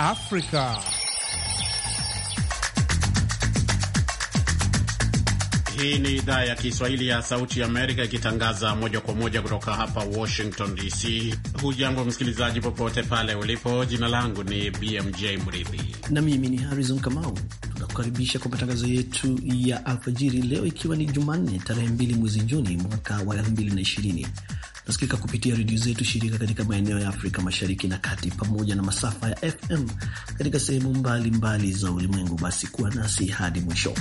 Afrika. Hii ni idhaa ya Kiswahili ya Sauti ya Amerika ikitangaza moja kwa moja kutoka hapa Washington DC. Hujambo msikilizaji, popote pale ulipo. Jina langu ni BMJ Mridhi na mimi ni Harrison Kamau. Tunakukaribisha kwa matangazo yetu ya alfajiri leo, ikiwa ni Jumanne tarehe 2 mwezi Juni mwaka wa 2020. Tunasikika kupitia redio zetu shirika katika maeneo ya Afrika Mashariki na Kati, pamoja na masafa ya FM katika sehemu mbalimbali za ulimwengu. Basi kuwa nasi hadi mwisho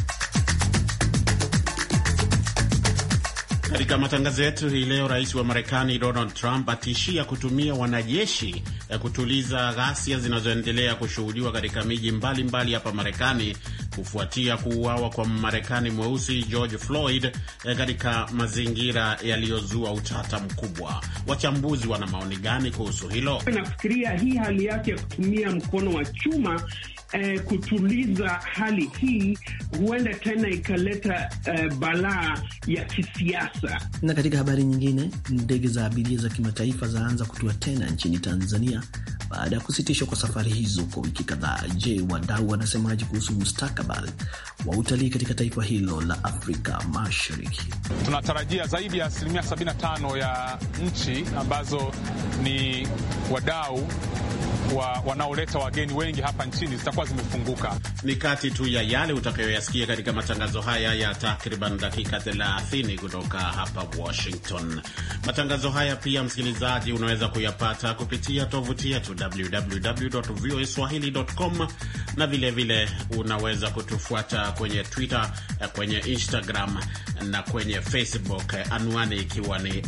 katika matangazo yetu hii leo. Rais wa Marekani Donald Trump atishia kutumia wanajeshi eh, kutuliza ghasia zinazoendelea kushuhudiwa katika miji mbalimbali hapa Marekani kufuatia kuuawa kwa marekani mweusi George Floyd eh, katika mazingira yaliyozua utata mkubwa. Wachambuzi wana maoni gani kuhusu hilo? Nafikiria hii hali yake ya kutumia mkono wa chuma Eh, kutuliza hali hii huenda tena ikaleta eh, balaa ya kisiasa. Na katika habari nyingine, ndege za abiria za kimataifa zaanza kutua tena nchini Tanzania baada ya kusitishwa kwa safari hizo kwa wiki kadhaa. Je, wadau wanasemaje kuhusu mustakabali mustakabali wa utalii katika taifa hilo la Afrika Mashariki. Tunatarajia zaidi ya asilimia 75 ya nchi ambazo ni wadau wa, wanaoleta wageni wengi hapa nchini zitakuwa zimefunguka. Ni kati tu ya yale utakayoyasikia katika matangazo haya ya takriban dakika 30 kutoka hapa Washington. Matangazo haya pia, msikilizaji, unaweza kuyapata kupitia tovuti yetu www.voaswahili.com na vilevile vile unaweza kutufuata kwenye Twitter, kwenye Instagram na kwenye Facebook, anwani ikiwa ni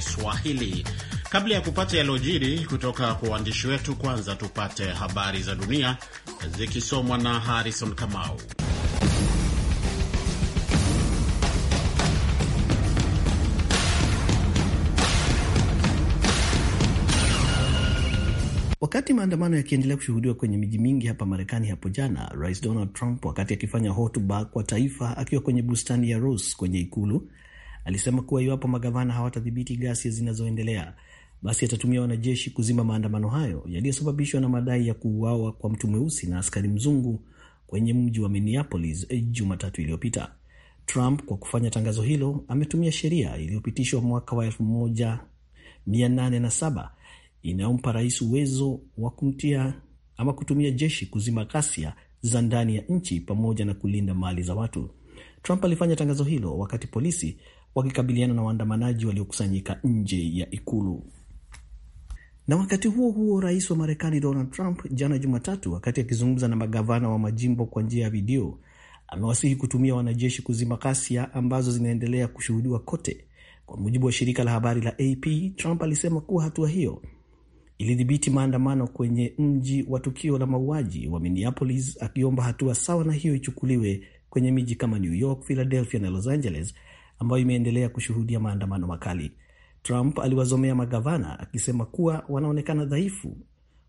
Swahili. Kabla ya kupata yalojiri kutoka kwa waandishi wetu, kwanza tupate habari za dunia zikisomwa na Harrison Kamau. Wakati maandamano yakiendelea kushuhudiwa kwenye miji mingi hapa Marekani hapo jana, Rais Donald Trump, wakati akifanya hotuba kwa taifa akiwa kwenye bustani ya Rose kwenye ikulu, alisema kuwa iwapo magavana hawatadhibiti ghasia zinazoendelea, basi atatumia wanajeshi kuzima maandamano hayo yaliyosababishwa na madai ya kuuawa kwa mtu mweusi na askari mzungu kwenye mji wa Minneapolis eh, Jumatatu iliyopita. Trump kwa kufanya tangazo hilo ametumia sheria iliyopitishwa mwaka wa 1807 inayompa rais uwezo wa kumtia ama kutumia jeshi kuzima ghasia za ndani ya nchi pamoja na kulinda mali za watu. Trump alifanya tangazo hilo wakati polisi wakikabiliana na waandamanaji waliokusanyika nje ya ikulu. Na wakati huo huo, rais wa Marekani Donald Trump jana Jumatatu, wakati akizungumza na magavana wa majimbo kwa njia ya video, amewasihi kutumia wanajeshi kuzima ghasia ambazo zinaendelea kushuhudiwa kote. Kwa mujibu wa shirika la habari la AP, Trump alisema kuwa hatua hiyo ilidhibiti maandamano kwenye mji wa tukio la mauaji wa Minneapolis, akiomba hatua sawa na hiyo ichukuliwe kwenye miji kama New York, Philadelphia na Los Angeles ambayo imeendelea kushuhudia maandamano makali. Trump aliwazomea magavana akisema kuwa wanaonekana dhaifu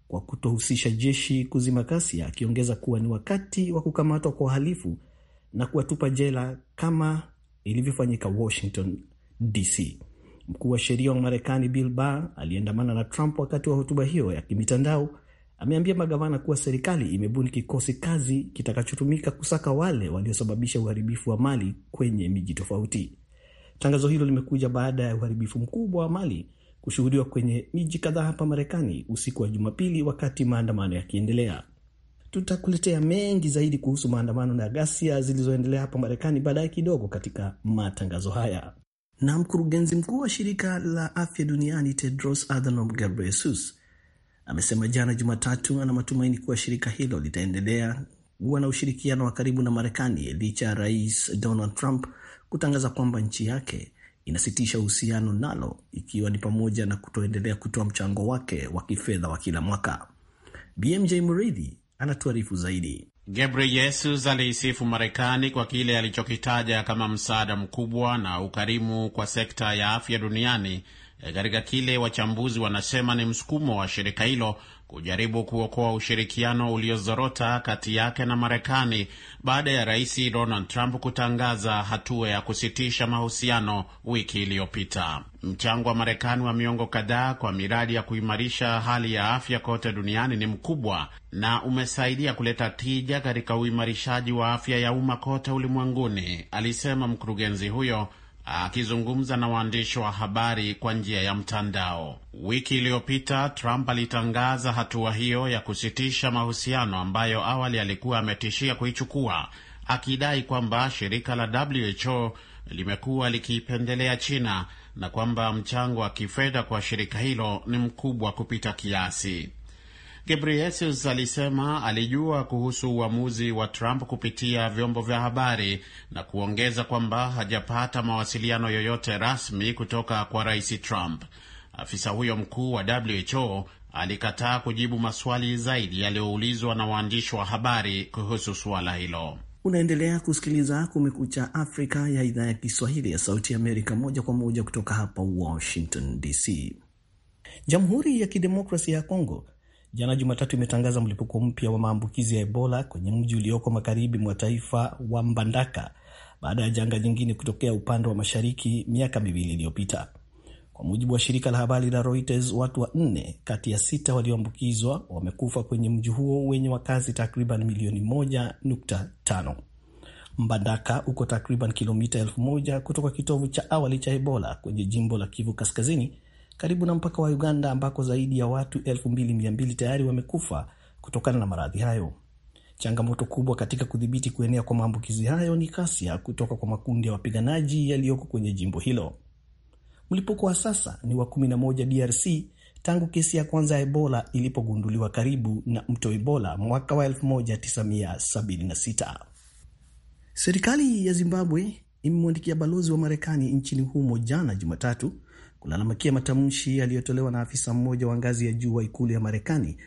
kwa kutohusisha jeshi kuzima ghasia, akiongeza kuwa ni wakati wa kukamatwa kwa uhalifu na kuwatupa jela kama ilivyofanyika Washington DC. Mkuu wa sheria wa Marekani Bill Barr aliyeandamana na Trump wakati wa hotuba hiyo ya kimitandao ameambia magavana kuwa serikali imebuni kikosi kazi kitakachotumika kusaka wale waliosababisha uharibifu wa mali kwenye miji tofauti. Tangazo hilo limekuja baada ya uharibifu mkubwa wa mali kushuhudiwa kwenye miji kadhaa hapa Marekani usiku wa Jumapili, wakati maandamano yakiendelea. Tutakuletea mengi zaidi kuhusu maandamano na ghasia zilizoendelea hapa Marekani baadaye kidogo katika matangazo haya. Na mkurugenzi mkuu wa shirika la afya duniani Tedros Adhanom Ghebreyesus amesema jana Jumatatu ana matumaini kuwa shirika hilo litaendelea kuwa na ushirikiano wa karibu na Marekani licha ya Rais Donald Trump kutangaza kwamba nchi yake inasitisha uhusiano nalo ikiwa ni pamoja na kutoendelea kutoa mchango wake wa kifedha wa kila mwaka. BMJ Mridhi anatuarifu zaidi. Gebreyesus aliisifu Marekani kwa kile alichokitaja kama msaada mkubwa na ukarimu kwa sekta ya afya duniani E, katika kile wachambuzi wanasema ni msukumo wa shirika hilo kujaribu kuokoa ushirikiano uliozorota kati yake na Marekani baada ya Rais Donald Trump kutangaza hatua ya kusitisha mahusiano wiki iliyopita. Mchango wa Marekani wa miongo kadhaa kwa miradi ya kuimarisha hali ya afya kote duniani ni mkubwa na umesaidia kuleta tija katika uimarishaji wa afya ya umma kote ulimwenguni, alisema mkurugenzi huyo akizungumza na waandishi wa habari kwa njia ya mtandao. Wiki iliyopita Trump alitangaza hatua hiyo ya kusitisha mahusiano ambayo awali alikuwa ametishia kuichukua, akidai kwamba shirika la WHO limekuwa likiipendelea China na kwamba mchango wa kifedha kwa shirika hilo ni mkubwa kupita kiasi. Ghebreyesus alisema alijua kuhusu uamuzi wa Trump kupitia vyombo vya habari na kuongeza kwamba hajapata mawasiliano yoyote rasmi kutoka kwa Rais Trump. Afisa huyo mkuu wa WHO alikataa kujibu maswali zaidi yaliyoulizwa na waandishi wa habari kuhusu suala hilo. Unaendelea kusikiliza Kumekucha Afrika ya idhaa ya Kiswahili ya Sauti Amerika, moja kwa moja kutoka hapa Washington DC. Jamhuri ya Kidemokrasia ya Kongo jana Jumatatu imetangaza mlipuko mpya wa maambukizi ya Ebola kwenye mji ulioko magharibi mwa taifa wa Mbandaka baada ya janga jingine kutokea upande wa mashariki miaka miwili iliyopita. Kwa mujibu wa shirika la habari la Reuters, watu wanne kati ya sita walioambukizwa wamekufa kwenye mji huo wenye wakazi takriban milioni 1.5. Mbandaka uko takriban kilomita elfu moja kutoka kitovu cha awali cha Ebola kwenye jimbo la Kivu Kaskazini, karibu na mpaka wa Uganda ambako zaidi ya watu 2200 tayari wamekufa kutokana na maradhi hayo. Changamoto kubwa katika kudhibiti kuenea kwa maambukizi hayo ni kasia kutoka kwa makundi ya wapiganaji yaliyoko kwenye jimbo hilo. Mlipuko wa sasa ni wa 11 DRC tangu kesi ya kwanza ya Ebola ilipogunduliwa karibu na mto Ebola mwaka wa 1976. Serikali ya Zimbabwe imemwandikia balozi wa Marekani nchini humo jana Jumatatu kulalamikia matamshi yaliyotolewa na afisa mmoja wa ngazi ya juu wa ikulu ya Marekani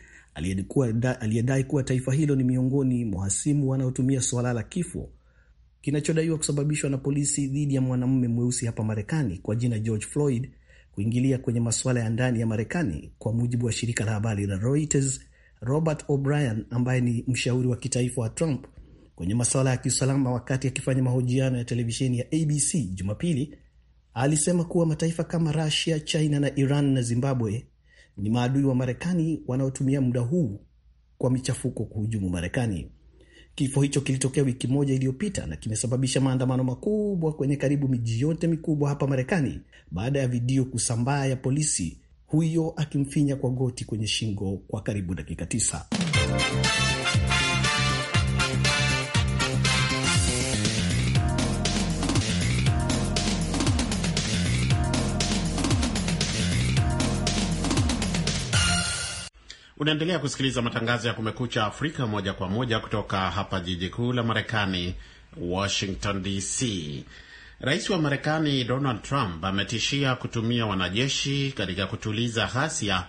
aliyedai kuwa taifa hilo ni miongoni mwa hasimu wanaotumia suala la kifo kinachodaiwa kusababishwa na polisi dhidi ya mwanamume mweusi hapa Marekani kwa jina George Floyd kuingilia kwenye masuala ya ndani ya Marekani, kwa mujibu wa shirika la habari la Reuters. Robert O'Brien ambaye ni mshauri wa kitaifa wa Trump kwenye masuala ya kiusalama, wakati akifanya mahojiano ya televisheni ya ABC Jumapili, alisema kuwa mataifa kama rusia China na Iran na Zimbabwe ni maadui wa Marekani wanaotumia muda huu kwa michafuko kuhujumu Marekani. Kifo hicho kilitokea wiki moja iliyopita na kimesababisha maandamano makubwa kwenye karibu miji yote mikubwa hapa Marekani baada ya video kusambaa ya polisi huyo akimfinya kwa goti kwenye shingo kwa karibu dakika tisa. Unaendelea kusikiliza matangazo ya Kumekucha Afrika moja kwa moja kutoka hapa jiji kuu la Marekani, Washington DC. Rais wa Marekani Donald Trump ametishia kutumia wanajeshi katika kutuliza ghasia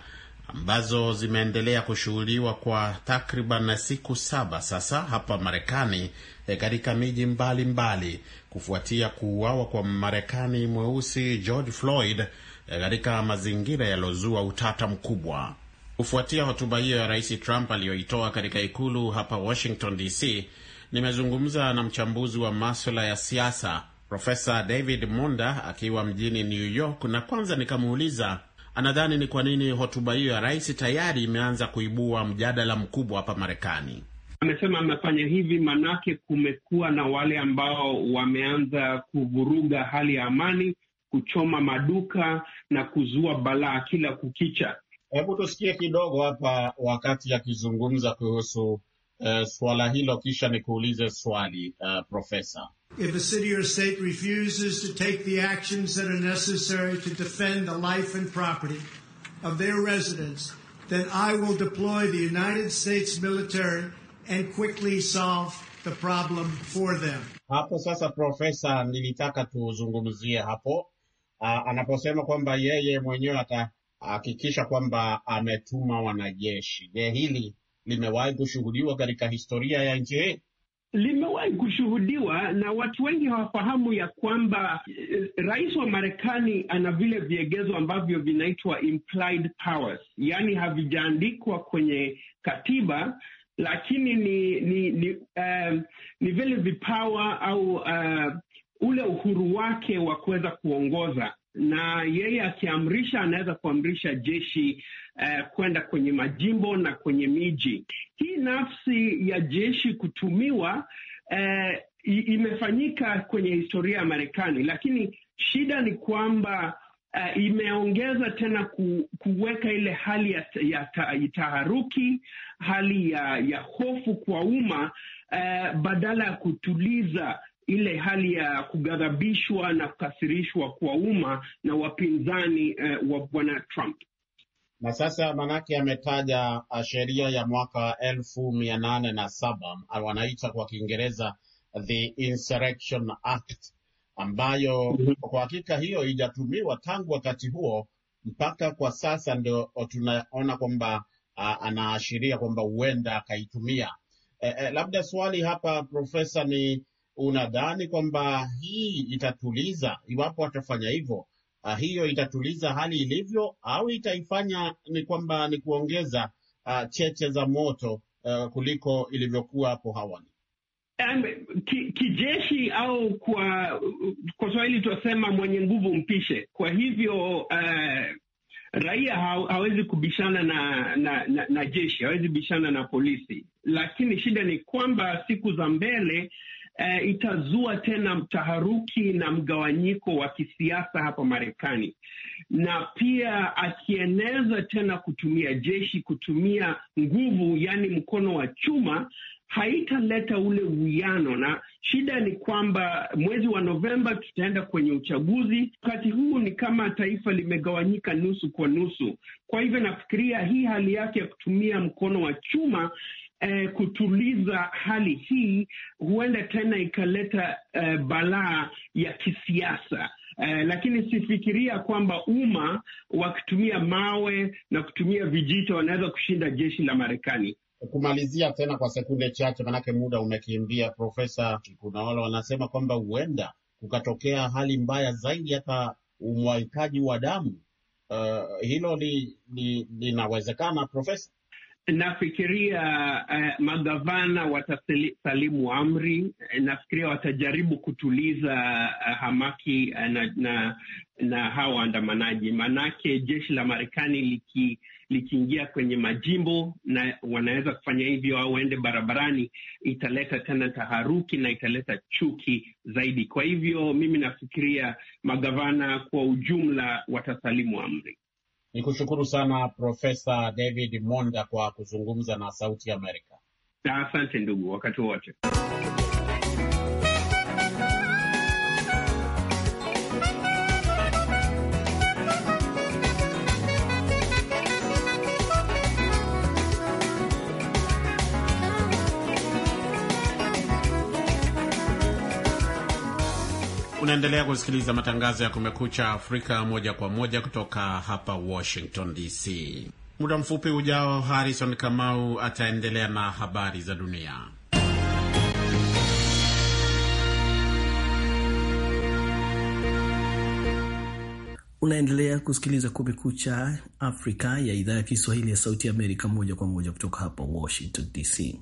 ambazo zimeendelea kushuhudiwa kwa takriban siku saba sasa hapa Marekani e, katika miji mbalimbali kufuatia kuuawa kwa Marekani mweusi George Floyd e, katika mazingira yaliyozua utata mkubwa. Kufuatia hotuba hiyo ya Rais Trump aliyoitoa katika ikulu hapa Washington DC, nimezungumza na mchambuzi wa maswala ya siasa Profesa David Monda akiwa mjini New York, na kwanza nikamuuliza anadhani ni kwa nini hotuba hiyo ya rais tayari imeanza kuibua mjadala mkubwa hapa Marekani. Amesema amefanya hivi manake kumekuwa na wale ambao wameanza kuvuruga hali ya amani, kuchoma maduka na kuzua balaa kila kukicha. Hebu tusikie kidogo hapa wakati akizungumza kuhusu uh, swala hilo, kisha nikuulize swali uh, Profesa. If a city or state refuses to take the actions that are necessary to defend the life and property of their residents, then I will deploy the United States military and quickly solve the problem for them. Hapo sasa, Profesa, nilitaka tuzungumzie hapo uh, anaposema kwamba yeye mwenyewe ata akikisha kwamba ametuma wanajeshi. Je, hili limewahi kushuhudiwa katika historia ya nchi hii? Limewahi kushuhudiwa na watu wengi hawafahamu ya kwamba eh, rais wa Marekani ana vile viegezo ambavyo vinaitwa implied powers, yaani havijaandikwa kwenye katiba lakini ni ni ni, uh, ni vile vipawa au uh, ule uhuru wake wa kuweza kuongoza na yeye akiamrisha anaweza kuamrisha jeshi eh, kwenda kwenye majimbo na kwenye miji. Hii nafsi ya jeshi kutumiwa eh, imefanyika kwenye historia ya Marekani, lakini shida ni kwamba eh, imeongeza tena ku, kuweka ile hali ya, ya ta, taharuki, hali ya, ya hofu kwa umma eh, badala ya kutuliza ile hali ya kughadhabishwa na kukasirishwa kwa umma na wapinzani uh, wa bwana Trump. Na sasa manake ametaja eh, sheria ya mwaka elfu mia nane na saba wanaita kwa Kiingereza the Insurrection Act ambayo mm -hmm. Kwa hakika hiyo ijatumiwa tangu wakati huo mpaka kwa sasa, ndio tunaona kwamba eh, anaashiria kwamba huenda akaitumia. E, e, labda swali hapa Profesa ni unadhani kwamba hii itatuliza, iwapo watafanya hivyo, ah, hiyo itatuliza hali ilivyo, au itaifanya ni kwamba ni kuongeza uh, cheche za moto uh, kuliko ilivyokuwa hapo awali? Um, ki, kijeshi au kwa kwa Swahili tuasema mwenye nguvu mpishe. Kwa hivyo uh, raia ha, hawezi kubishana na na, na na jeshi hawezi bishana na polisi, lakini shida ni kwamba siku za mbele eh, itazua tena mtaharuki na mgawanyiko wa kisiasa hapa Marekani, na pia akieneza tena kutumia jeshi, kutumia nguvu, yaani mkono wa chuma haitaleta ule uwiano, na shida ni kwamba mwezi wa Novemba tutaenda kwenye uchaguzi. Wakati huu ni kama taifa limegawanyika nusu kwa nusu. Kwa hivyo nafikiria hii hali yake ya kutumia mkono wa chuma eh, kutuliza hali hii huenda tena ikaleta eh, balaa ya kisiasa. Eh, lakini sifikiria kwamba umma wakitumia mawe na kutumia vijito wanaweza kushinda jeshi la Marekani. Kumalizia tena kwa sekunde chache, manake muda umekimbia, Profesa. Kuna wale wanasema kwamba huenda kukatokea hali mbaya zaidi, hata umwaikaji wa damu. Uh, hilo linawezekana, Profesa? Nafikiria uh, magavana watasalimu amri. Eh, nafikiria watajaribu kutuliza uh, hamaki uh, na, na, na hawa waandamanaji, maanake jeshi la Marekani liki likiingia kwenye majimbo na wanaweza kufanya hivyo au waende barabarani, italeta tena taharuki na italeta chuki zaidi. Kwa hivyo mimi nafikiria magavana kwa ujumla watasalimu amri. Ni kushukuru sana Profesa David Monda kwa kuzungumza na Sauti Amerika. Asante ndugu, wakati wote. Unaendelea kusikiliza matangazo ya Kumekucha Afrika moja kwa moja kutoka hapa Washington DC. Muda mfupi ujao, Harrison Kamau ataendelea na habari za dunia. Unaendelea kusikiliza Kumekucha Afrika ya idhaa ya Kiswahili ya Sauti Amerika moja kwa moja kutoka hapa Washington DC.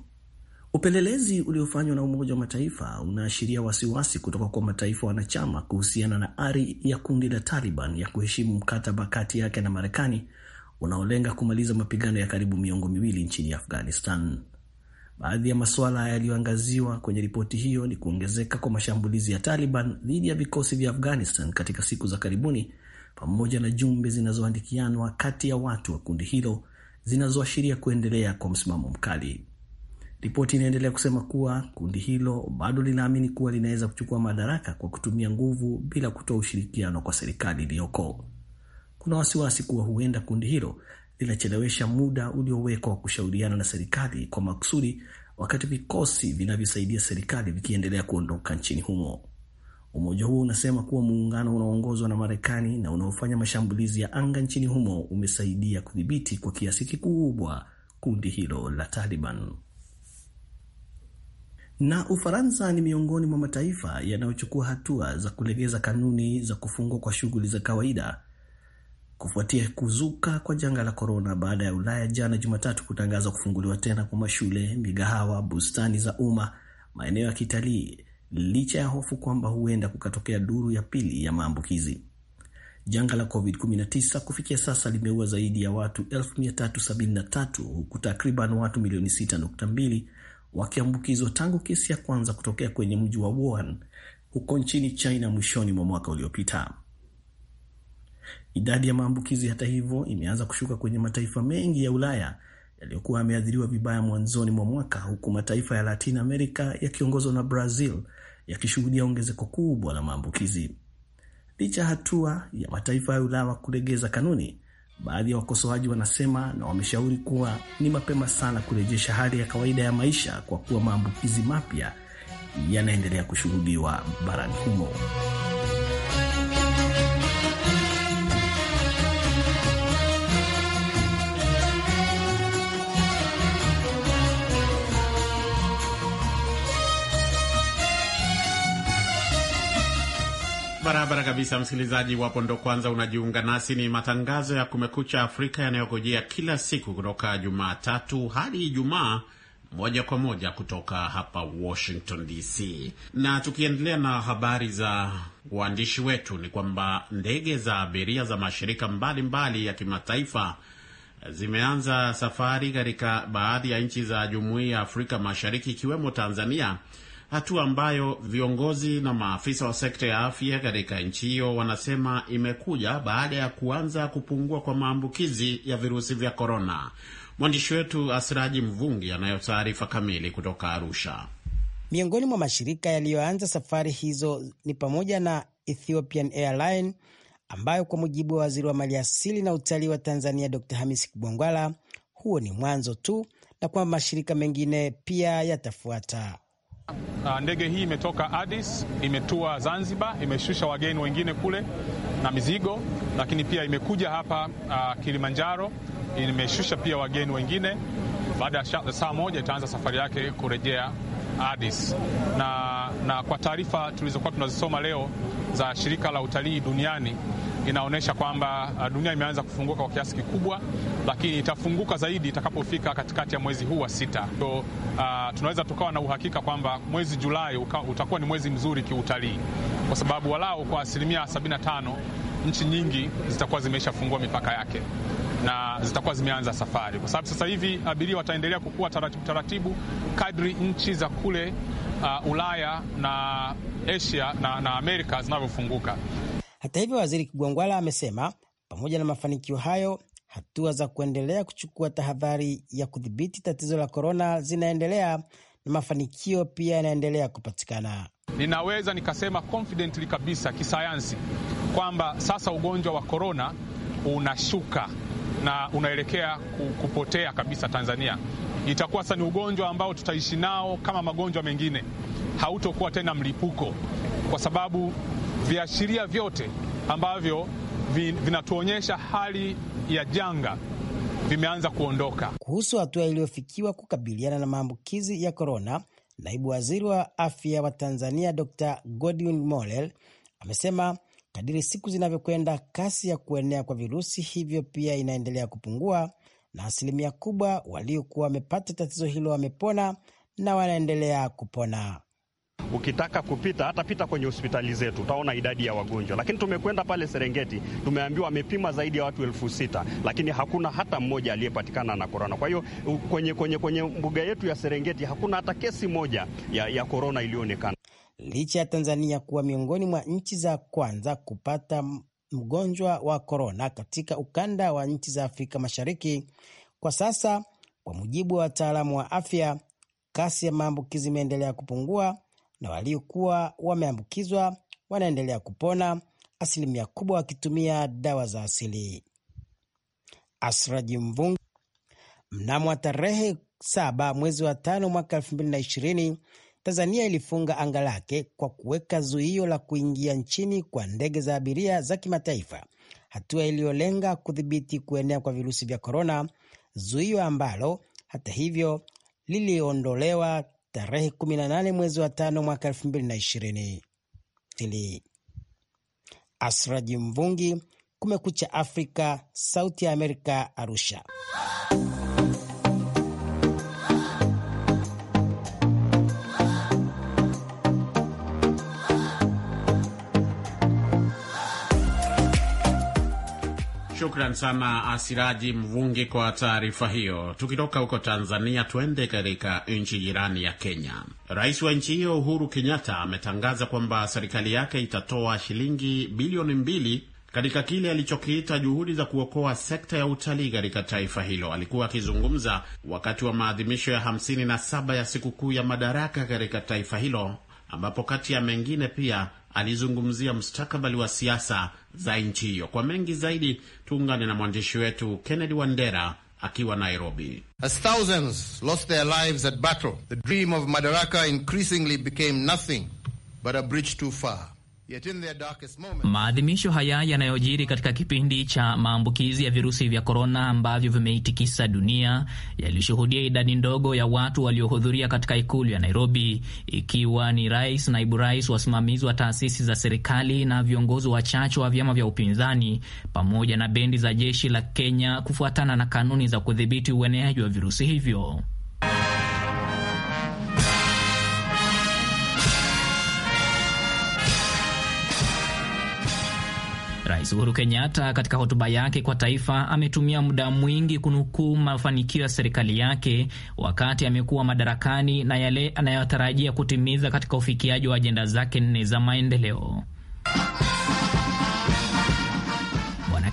Upelelezi uliofanywa na Umoja wa Mataifa unaashiria wasiwasi kutoka kwa mataifa wanachama kuhusiana na ari ya kundi la Taliban ya kuheshimu mkataba kati yake na Marekani unaolenga kumaliza mapigano ya karibu miongo miwili nchini Afghanistan. Baadhi ya masuala yaliyoangaziwa kwenye ripoti hiyo ni kuongezeka kwa mashambulizi ya Taliban dhidi ya vikosi vya Afghanistan katika siku za karibuni, pamoja na jumbe zinazoandikianwa kati ya watu wa kundi hilo zinazoashiria kuendelea kwa msimamo mkali. Ripoti inaendelea kusema kuwa kundi hilo bado linaamini kuwa linaweza kuchukua madaraka kwa kutumia nguvu bila kutoa ushirikiano kwa serikali iliyoko. Kuna wasiwasi kuwa huenda kundi hilo linachelewesha muda uliowekwa wa kushauriana na serikali kwa makusudi, wakati vikosi vinavyosaidia serikali vikiendelea kuondoka nchini humo. Umoja huo unasema kuwa muungano unaoongozwa na Marekani na unaofanya mashambulizi ya anga nchini humo umesaidia kudhibiti kwa kiasi kikubwa kundi hilo la Taliban na Ufaransa ni miongoni mwa mataifa yanayochukua hatua za kulegeza kanuni za kufungwa kwa shughuli za kawaida kufuatia kuzuka kwa janga la korona baada ya Ulaya jana Jumatatu kutangaza kufunguliwa tena kwa mashule, migahawa, bustani za umma, maeneo ya kitalii, licha ya hofu kwamba huenda kukatokea duru ya pili ya maambukizi. Janga la COVID-19 kufikia sasa limeua zaidi ya watu 373,000 huku takriban watu milioni 6.2 wakiambukizwa tangu kesi ya kwanza kutokea kwenye mji wa Wuhan huko nchini China mwishoni mwa mwaka uliopita. Idadi ya maambukizi hata hivyo imeanza kushuka kwenye mataifa mengi ya Ulaya yaliyokuwa yameathiriwa vibaya mwanzoni mwa mwaka, huku mataifa ya Latin America yakiongozwa na Brazil yakishuhudia ongezeko kubwa la maambukizi. Licha hatua ya mataifa ya Ulaya kulegeza kanuni, Baadhi ya wakosoaji wanasema na wameshauri kuwa ni mapema sana kurejesha hali ya kawaida ya maisha kwa kuwa maambukizi mapya yanaendelea kushuhudiwa barani humo. Barabara kabisa, msikilizaji. Iwapo ndo kwanza unajiunga nasi, ni matangazo ya Kumekucha Afrika yanayokujia kila siku kutoka Jumatatu hadi Ijumaa, moja kwa moja kutoka hapa Washington DC. Na tukiendelea na habari za waandishi wetu, ni kwamba ndege za abiria za mashirika mbalimbali mbali ya kimataifa zimeanza safari katika baadhi ya nchi za Jumuiya ya Afrika Mashariki ikiwemo Tanzania hatua ambayo viongozi na maafisa wa sekta ya afya katika nchi hiyo wanasema imekuja baada ya kuanza kupungua kwa maambukizi ya virusi vya korona. Mwandishi wetu Asiraji Mvungi anayo taarifa kamili kutoka Arusha. Miongoni mwa mashirika yaliyoanza safari hizo ni pamoja na Ethiopian Airline ambayo kwa mujibu wa waziri wa maliasili na utalii wa Tanzania Dr. Hamis Kigwangwala, huo ni mwanzo tu na kwamba mashirika mengine pia yatafuata. Ah, ndege hii imetoka Addis, imetua Zanzibar, imeshusha wageni wengine kule na mizigo, lakini pia imekuja hapa uh, Kilimanjaro, imeshusha pia wageni wengine. Baada ya saa moja itaanza safari yake kurejea Addis. Na, na kwa taarifa tulizokuwa tunazisoma leo za shirika la utalii duniani inaonyesha kwamba ah, dunia imeanza kufunguka kwa kiasi kikubwa, lakini itafunguka zaidi itakapofika katikati ya mwezi huu wa sita. So, uh, tunaweza tukawa na uhakika kwamba mwezi Julai utakuwa ni mwezi mzuri kiutalii, kwa sababu walau kwa asilimia 75 nchi nyingi zitakuwa zimeshafungua mipaka yake na zitakuwa zimeanza safari, kwa sababu sasa hivi abiria wataendelea kukua taratibu taratibu kadri nchi za kule uh, Ulaya na Asia na, na Amerika zinavyofunguka. Hata hivyo, Waziri Kigwangwala amesema pamoja na mafanikio hayo Hatua za kuendelea kuchukua tahadhari ya kudhibiti tatizo la korona zinaendelea na mafanikio pia yanaendelea kupatikana. Ninaweza nikasema confidently kabisa kisayansi kwamba sasa ugonjwa wa korona unashuka na unaelekea kupotea kabisa Tanzania. Itakuwa sasa ni ugonjwa ambao tutaishi nao kama magonjwa mengine, hautokuwa tena mlipuko, kwa sababu viashiria vyote ambavyo vinatuonyesha hali ya janga vimeanza kuondoka. Kuhusu hatua iliyofikiwa kukabiliana na maambukizi ya korona, naibu waziri wa afya wa Tanzania Dr Godwin Mollel amesema kadiri siku zinavyokwenda, kasi ya kuenea kwa virusi hivyo pia inaendelea kupungua, na asilimia kubwa waliokuwa wamepata tatizo hilo wamepona na wanaendelea kupona. Ukitaka kupita hata pita kwenye hospitali zetu, utaona idadi ya wagonjwa. Lakini tumekwenda pale Serengeti, tumeambiwa wamepima zaidi ya watu elfu sita lakini hakuna hata mmoja aliyepatikana na korona. Kwa hiyo kwenye, kwenye, kwenye mbuga yetu ya Serengeti hakuna hata kesi moja ya, ya korona iliyoonekana, licha ya Tanzania kuwa miongoni mwa nchi za kwanza kupata mgonjwa wa korona katika ukanda wa nchi za Afrika Mashariki. Kwa sasa, kwa mujibu wa wataalamu wa afya, kasi ya maambukizi imeendelea kupungua na waliokuwa wameambukizwa wanaendelea kupona, asilimia kubwa wakitumia dawa za asili. Asraji Mvungi. Mnamo wa tarehe saba mwezi wa tano mwaka elfu mbili na ishirini Tanzania ilifunga anga lake kwa kuweka zuio la kuingia nchini kwa ndege za abiria za kimataifa, hatua iliyolenga kudhibiti kuenea kwa virusi vya korona, zuio ambalo hata hivyo liliondolewa tarehe 18 mwezi wa tano mwaka 2020. Asraji Mvungi, Kumekucha Afrika, Sauti ya Amerika, Arusha. Shukran sana Asiraji Mvungi kwa taarifa hiyo. Tukitoka huko Tanzania, tuende katika nchi jirani ya Kenya. Rais wa nchi hiyo Uhuru Kenyatta ametangaza kwamba serikali yake itatoa shilingi bilioni mbili katika kile alichokiita juhudi za kuokoa sekta ya utalii katika taifa hilo. Alikuwa akizungumza wakati wa maadhimisho ya 57 ya sikukuu ya madaraka katika taifa hilo ambapo kati ya mengine pia alizungumzia mustakabali wa siasa za nchi hiyo. Kwa mengi zaidi, tuungane na mwandishi wetu Kennedy Wandera akiwa Nairobi. As thousands lost their lives at battle, the dream of Madaraka increasingly became nothing but a bridge too far. Maadhimisho haya yanayojiri katika kipindi cha maambukizi ya virusi vya korona ambavyo vimeitikisa dunia yalishuhudia idadi ndogo ya watu waliohudhuria katika ikulu ya Nairobi, ikiwa ni rais, naibu rais, wasimamizi wa taasisi za serikali na viongozi wachache wa vyama vya upinzani pamoja na bendi za jeshi la Kenya, kufuatana na kanuni za kudhibiti ueneaji wa virusi hivyo. Rais Uhuru Kenyatta katika hotuba yake kwa taifa ametumia muda mwingi kunukuu mafanikio ya serikali yake wakati amekuwa madarakani na yale anayotarajia kutimiza katika ufikiaji wa ajenda zake nne za maendeleo.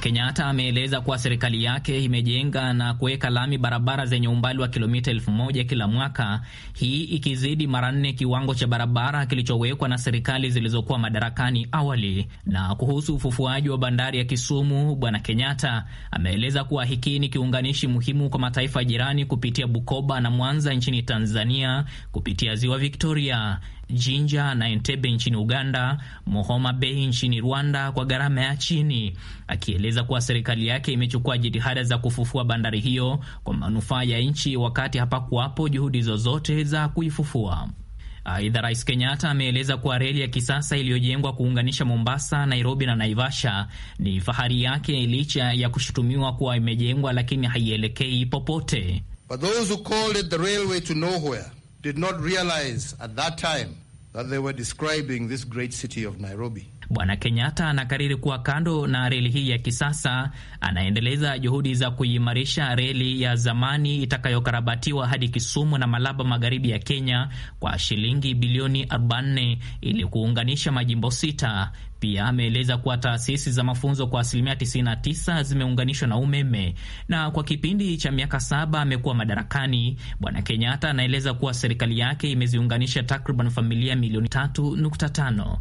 Kenyatta ameeleza kuwa serikali yake imejenga na kuweka lami barabara zenye umbali wa kilomita elfu moja kila mwaka, hii ikizidi mara nne kiwango cha barabara kilichowekwa na serikali zilizokuwa madarakani awali. Na kuhusu ufufuaji wa bandari ya Kisumu, Bwana Kenyatta ameeleza kuwa hiki ni kiunganishi muhimu kwa mataifa jirani kupitia Bukoba na Mwanza nchini Tanzania kupitia ziwa Victoria. Jinja na Entebe nchini Uganda, Mohoma Bay nchini Rwanda kwa gharama ya chini, akieleza kuwa serikali yake imechukua jitihada za kufufua bandari hiyo kwa manufaa ya nchi, wakati hapakuwapo juhudi zozote za kuifufua. Aidha, Rais Kenyatta ameeleza kuwa reli ya kisasa iliyojengwa kuunganisha Mombasa, Nairobi na Naivasha ni fahari yake, licha ya kushutumiwa kuwa imejengwa lakini haielekei popote. But those who call it the railway to nowhere did not realize at that time that they were describing this great city of Nairobi Bwana Kenyatta anakariri kuwa kando na reli hii ya kisasa, anaendeleza juhudi za kuimarisha reli ya zamani itakayokarabatiwa hadi Kisumu na Malaba, magharibi ya Kenya, kwa shilingi bilioni 4 ili kuunganisha majimbo sita. Pia ameeleza kuwa taasisi za mafunzo kwa asilimia 99 zimeunganishwa na umeme. Na kwa kipindi cha miaka saba amekuwa madarakani, Bwana Kenyatta anaeleza kuwa serikali yake imeziunganisha takriban familia milioni 3.5.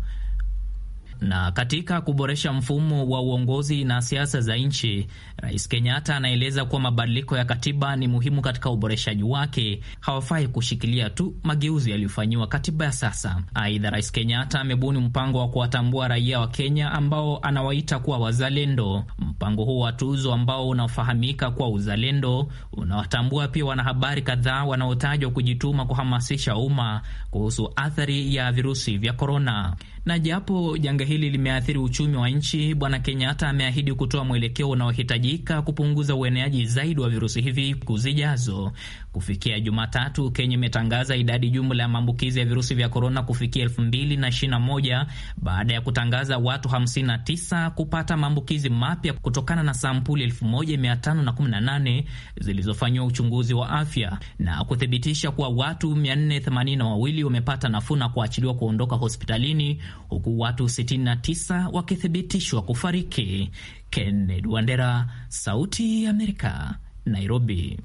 Na katika kuboresha mfumo wa uongozi na siasa za nchi, Rais Kenyatta anaeleza kuwa mabadiliko ya katiba ni muhimu katika uboreshaji wake. Hawafai kushikilia tu mageuzi yaliyofanyiwa katiba ya sasa. Aidha, Rais Kenyatta amebuni mpango wa kuwatambua raia wa Kenya ambao anawaita kuwa wazalendo. Mpango huo wa tuzo ambao unafahamika kuwa uzalendo unawatambua pia wanahabari kadhaa wanaotajwa kujituma kuhamasisha umma kuhusu athari ya virusi vya korona. Na japo janga hili limeathiri uchumi wa nchi, Bwana Kenyatta ameahidi kutoa mwelekeo unaohitajika kupunguza ueneaji zaidi wa virusi hivi kuzijazo. Kufikia Jumatatu, Kenya imetangaza idadi jumla ya maambukizi ya virusi vya korona kufikia elfu mbili na na moja baada ya kutangaza watu 59 kupata maambukizi mapya kutokana na sampuli 1518 zilizofanyiwa uchunguzi wa afya na kuthibitisha kuwa watu 482 wamepata nafuu na kuachiliwa kuondoka hospitalini huku watu 69 wakithibitishwa kufariki. kenned Wandera, Sauti ya Amerika, Nairobi.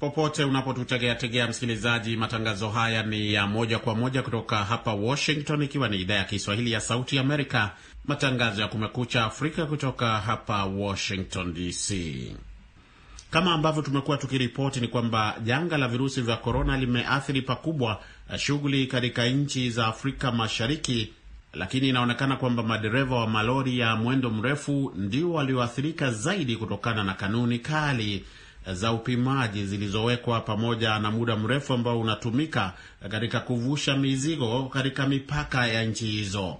Popote unapotutegeategea msikilizaji, matangazo haya ni ya moja kwa moja kutoka hapa Washington, ikiwa ni idhaa ya Kiswahili ya Sauti Amerika matangazo ya Kumekucha Afrika kutoka hapa Washington DC. Kama ambavyo tumekuwa tukiripoti ni kwamba janga la virusi vya korona limeathiri pakubwa eh, shughuli katika nchi za Afrika Mashariki, lakini inaonekana kwamba madereva wa malori ya mwendo mrefu ndio walioathirika zaidi kutokana na kanuni kali eh, za upimaji zilizowekwa pamoja na muda mrefu ambao unatumika katika kuvusha mizigo katika mipaka ya nchi hizo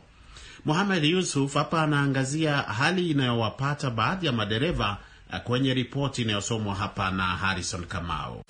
muhamed Yusuf hapa anaangazia hali inayowapata baadhi ya madereva eh, kwenye ripoti inayosomwa hapa na Harrison Kamau.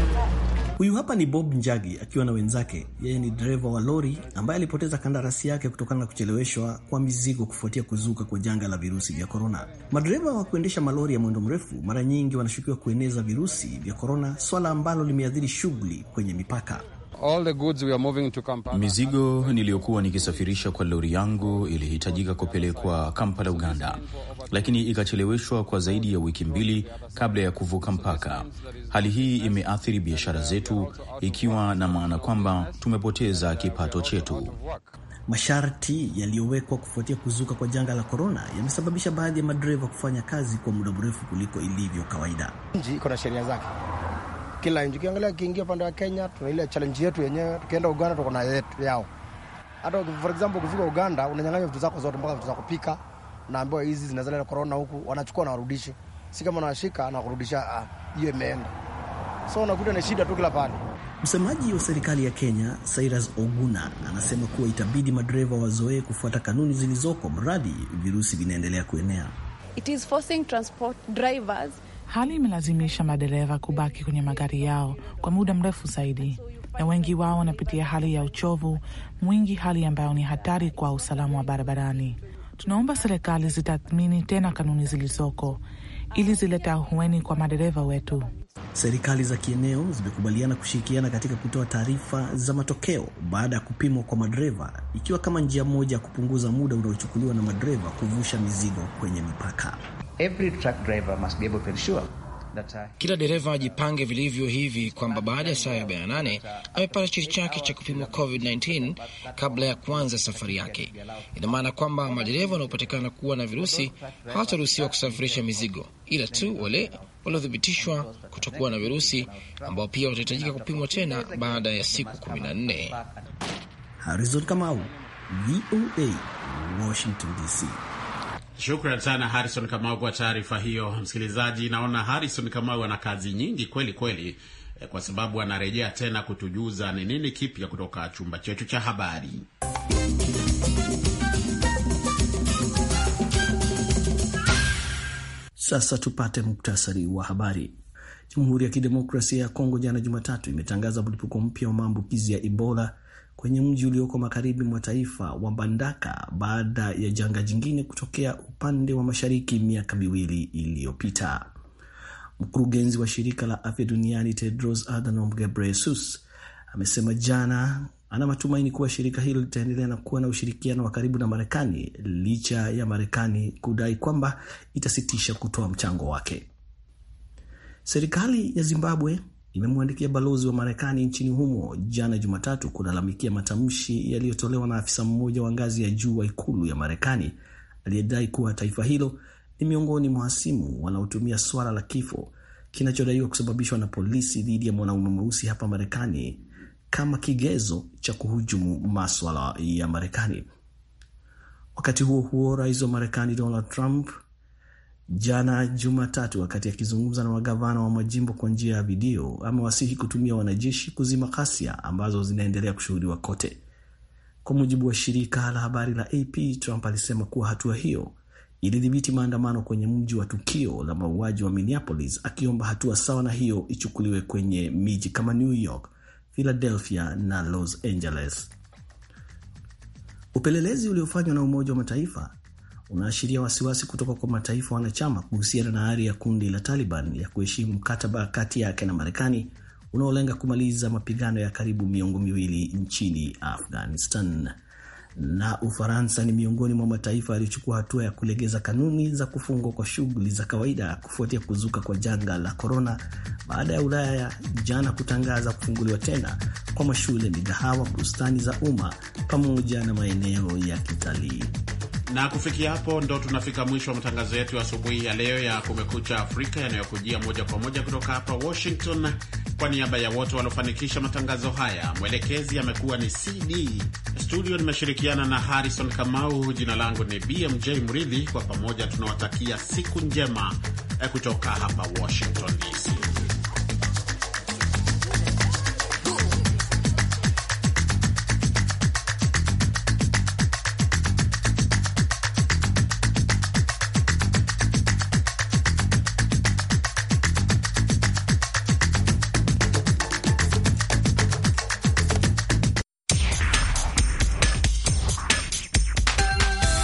Huyu hapa ni Bob Njagi akiwa na wenzake. Yeye ni dereva wa lori ambaye alipoteza kandarasi yake kutokana na kucheleweshwa kwa mizigo kufuatia kuzuka kwa janga la virusi vya korona. Madereva wa kuendesha malori ya mwendo mrefu mara nyingi wanashukiwa kueneza virusi vya korona, swala ambalo limeathiri shughuli kwenye mipaka. All the goods we are moving to Kampala. Mizigo niliyokuwa nikisafirisha kwa lori yangu ilihitajika kupelekwa Kampala, Uganda, lakini ikacheleweshwa kwa zaidi ya wiki mbili kabla ya kuvuka mpaka. Hali hii imeathiri biashara zetu, ikiwa na maana kwamba tumepoteza kipato chetu. Masharti yaliyowekwa kufuatia kuzuka kwa janga la korona yamesababisha baadhi ya madereva kufanya kazi kwa muda mrefu kuliko ilivyo kawaida. Nchi iko na sheria zake kila nchi. Ukiangalia kiingia upande wa Kenya, tuna ile challenge yetu yenyewe, tukienda Uganda tuko na yetu yao. Hata for example ukifika Uganda unanyang'anywa vitu zako zote mpaka vitu za kupika, naambiwa hizi zinazaleta korona huku, wanachukua na warudishi, si kama nawashika na kurudisha ah, hiyo imeenda. So unakuta ni shida tu kila pale. Msemaji wa serikali ya Kenya Cyrus Oguna anasema kuwa itabidi madereva wazoee kufuata kanuni zilizoko mradi virusi vinaendelea kuenea. It is forcing transport drivers Hali imelazimisha madereva kubaki kwenye magari yao kwa muda mrefu zaidi, na wengi wao wanapitia hali ya uchovu mwingi, hali ambayo ni hatari kwa usalama wa barabarani. Tunaomba serikali zitathmini tena kanuni zilizoko ili zilete ahueni kwa madereva wetu. Serikali za kieneo zimekubaliana kushirikiana katika kutoa taarifa za matokeo baada ya kupimwa kwa madereva, ikiwa kama njia moja ya kupunguza muda unaochukuliwa na madereva kuvusha mizigo kwenye mipaka every truck driver must be able to ensure uh, kila dereva ajipange vilivyo hivi kwamba baada ya saa 48 amepata cheti chake cha kupimwa COVID-19 kabla ya kuanza safari yake. Ina maana kwamba madereva wanaopatikana kuwa na virusi hawataruhusiwa kusafirisha mizigo, ila tu wale waliothibitishwa kutokuwa na virusi, ambao pia watahitajika kupimwa tena baada ya siku 14. Harrison Kamau, VOA, Washington DC. Shukran sana Harrison Kamau kwa taarifa hiyo. Msikilizaji, naona Harrison Kamau ana kazi nyingi kweli kweli, eh, kwa sababu anarejea tena kutujuza ni nini kipya kutoka chumba chetu cha habari. Sasa tupate muktasari wa habari. Jamhuri ya Kidemokrasia ya Kongo jana Jumatatu imetangaza mlipuko mpya wa maambukizi ya Ebola kwenye mji ulioko magharibi mwa taifa wa bandaka baada ya janga jingine kutokea upande wa mashariki miaka miwili iliyopita. Mkurugenzi wa shirika la afya duniani Tedros Adhanom Ghebreyesus amesema jana ana matumaini kuwa shirika hilo litaendelea na kuwa na ushirikiano wa karibu na Marekani licha ya Marekani kudai kwamba itasitisha kutoa mchango wake. Serikali ya Zimbabwe imemwandikia balozi wa Marekani nchini humo jana Jumatatu kulalamikia matamshi yaliyotolewa na afisa mmoja wa ngazi ya juu wa ikulu ya Marekani aliyedai kuwa taifa hilo ni miongoni mwa hasimu wanaotumia swala la kifo kinachodaiwa kusababishwa na polisi dhidi ya mwanaume mweusi hapa Marekani kama kigezo cha kuhujumu maswala ya Marekani. Wakati huo huo, rais wa Marekani Donald Trump jana Jumatatu, wakati akizungumza na magavana wa majimbo kwa njia ya video, amewasihi kutumia wanajeshi kuzima ghasia ambazo zinaendelea kushuhudiwa kote. Kwa mujibu wa shirika la habari la AP, Trump alisema kuwa hatua hiyo ilidhibiti maandamano kwenye mji wa tukio la mauaji wa Minneapolis, akiomba hatua sawa na hiyo ichukuliwe kwenye miji kama New York, Philadelphia na Los Angeles. Upelelezi uliofanywa na Umoja wa Mataifa unaashiria wasiwasi kutoka kwa mataifa wanachama kuhusiana na ari ya kundi la Taliban ya kuheshimu mkataba kati yake na Marekani unaolenga kumaliza mapigano ya karibu miongo miwili nchini Afghanistan. Na Ufaransa ni miongoni mwa mataifa yaliyochukua hatua ya kulegeza kanuni za kufungwa kwa shughuli za kawaida kufuatia kuzuka kwa janga la korona, baada ya Ulaya jana kutangaza kufunguliwa tena kwa mashule, migahawa, bustani za umma pamoja na maeneo ya kitalii. Na kufikia hapo ndo tunafika mwisho wa matangazo yetu asubuhi ya leo ya Kumekucha Afrika yanayokujia moja kwa moja kutoka hapa Washington. Kwa niaba ya wote waliofanikisha matangazo haya, mwelekezi amekuwa ni CD studio, nimeshirikiana na Harrison Kamau. Jina langu ni BMJ Mridhi. Kwa pamoja tunawatakia siku njema eh, kutoka hapa Washington DC.